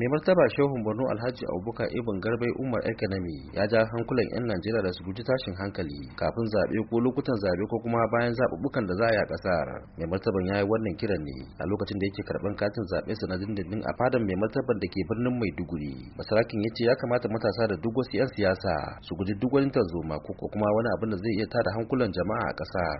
mai martaba shehun borno alhaji abubakar ibn garbai umar ekanami ya ja hankulan yan najeriya da su guji tashin hankali kafin zaɓe ko lokutan zaɓe ko kuma bayan zaɓuɓɓukan da za a yi a ƙasar mai martaban ya yi wannan kiran ne a lokacin da yake karɓar katin zaɓe sa na dindindin a fadan mai martaban da ke birnin maiduguri masarakin ya ce ya kamata matasa da duk wasu yan siyasa su guji duk wani tarzoma ko kuma wani abin da zai iya tada hankulan jama'a a ƙasar.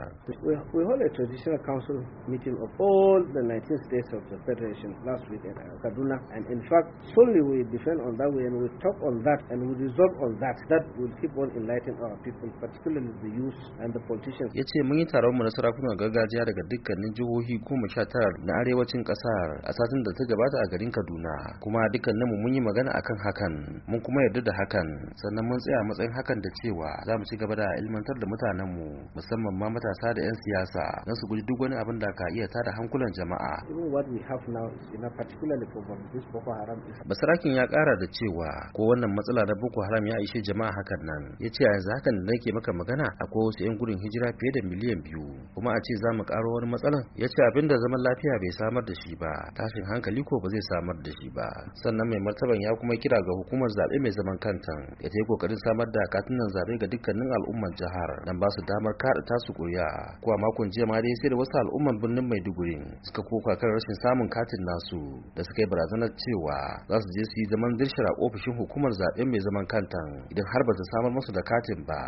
we hold a traditional council meeting of all the 19 states of the federation last week at kaduna and in fact solely we defend on that way and we talk on that and we resolve on that that will keep on enlightening our people particularly the youth and the politicians ya ce mun yi taron mu na sarakunan gargajiya daga dukkanin jihohi goma sha tara na arewacin kasar a satin da ta gabata a garin kaduna kuma dukkanin mu mun yi magana akan hakan mun kuma yarda da hakan sannan mun tsaya matsayin hakan da cewa za mu ci gaba da ilmantar da mutanen mu musamman ma matasa da 'yan siyasa don su guji duk wani abin da ka iya tada hankulan jama'a. Even what we have now is a particularly for this Boko Haram basarakin ya kara da cewa ko wannan matsala na boko haram ya ishe jama'a hakan nan ya ce yanzu hakan da nake maka magana akwai wasu yan gudun hijira fiye da miliyan biyu kuma a ce za mu karo wani matsalan ya ce abin da zaman lafiya bai samar da shi ba tashin hankali ko ba zai samar da shi ba sannan mai martaban ya kuma kira ga hukumar zaɓe mai zaman kanta ya ta yi kokarin samar da katunan zaɓe ga dukkanin al'ummar jihar dan ba su damar kaɗa tasu ƙuri'a ko a makon jiya ma dai sai da wasu al'ummar birnin maiduguri suka koka kan rashin samun katin nasu da suka yi barazanar cewa za su je su yi zaman dirshira ofishin hukumar zaben mai zaman kanta idan har ba su samar musu da katin ba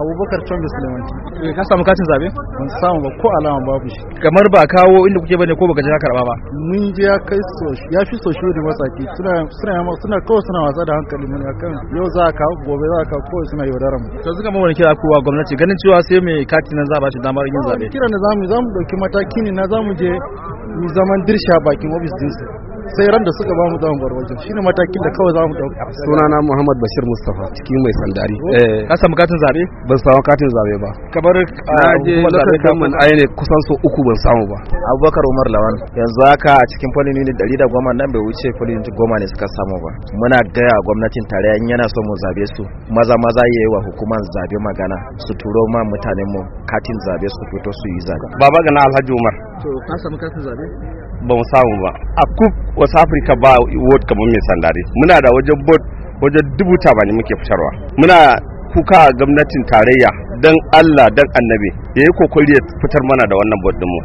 abubakar tonga sulemanti eh, ka samu katin zabe ban samu ba ko alama babu shi kamar ba kawo inda kuke bane ko baka je ka karba ba mun je ya kai so ya fi so shi da matsaki suna suna suna suna wasa da hankali mun akan yau za ka gobe za ka kawai suna yaudara mu to suka mun kira kowa gwamnati ganin cewa sai mai katin nan za ba shi damar yin zabe kira ne zamu zamu dauki mataki ne na zamu je mu zaman dirsha bakin ofis dinsu sai ran da suka ba mu zaman barwancin shine matakin da kawai za mu dauka sunana Muhammad Bashir Mustafa cikin mai sandari eh ka samu katin zabe ban samu katin zabe ba kamar na ah, je lokacin kamun aine kusan so uku ban samu ba Abubakar Umar Lawan yanzu haka a cikin polling unit goma nan bai wuce polling unit goma ne suka samu ba muna gaya gwamnatin tarayya in yana so mu zabe su maza maza yayi wa hukumar zabe magana su turo ma mutanen mu katin zabe su fito su yi zabe baba gana Alhaji Umar to ka samu katin zabe ba mu samu ba a cup wasu africa ba world kamar mai sandari muna da wajen board wajen dubu ne muke fitarwa muna kuka a gwamnatin tarayya don allah don annabi ya ya kokoli ya fitar mana da wannan board mu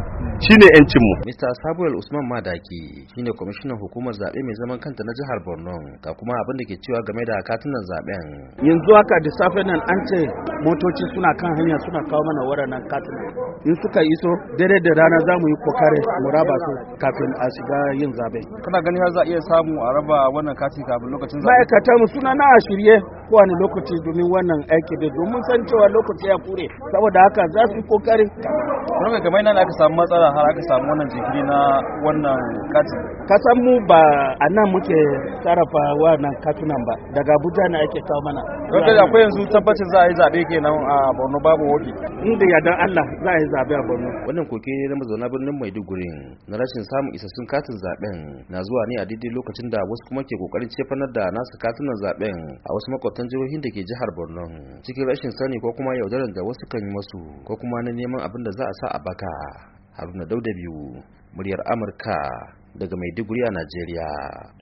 shine yancin mu Mr. Samuel Usman Madaki shine kwamishinan hukumar zabe mai zaman kanta na jihar Borno ga kuma abin da ke cewa game da katunan zaben yanzu haka da safe nan an ce motoci suna kan hanya suna kawo mana waɗannan katunan in suka iso dare da rana za mu yi kokare mu raba su kafin a shiga yin zabe kana gani har za iya samu a raba wannan kati kafin lokacin zabe ma'aikata mu suna na a shirye kowane lokaci domin wannan aiki da domin san cewa lokaci ya kure saboda haka za su yi kokare. kuma ga gamai nan aka samu matsala har aka samu wannan jinkiri na wannan kati ka san mu ba a nan muke sarrafa wannan katunan ba daga abuja ne ake kawo mana akwai yanzu tabbacin za a yi zabe kenan a borno babu woki inda yardan allah za a yi zabe a Borno wannan koke na mazauna birnin Maiduguri na rashin samun isassun katin zaben na zuwa ne a daidai lokacin da wasu kuma ke kokarin cefanar da nasu katunan zaben a wasu makwabtan jihohin da ke jihar Borno cikin rashin sani ko kuma yaudarar da wasu kan yi masu ko kuma na neman abin da za a sa a baka Haruna Dauda biyu muryar Amurka daga Maiduguri a Najeriya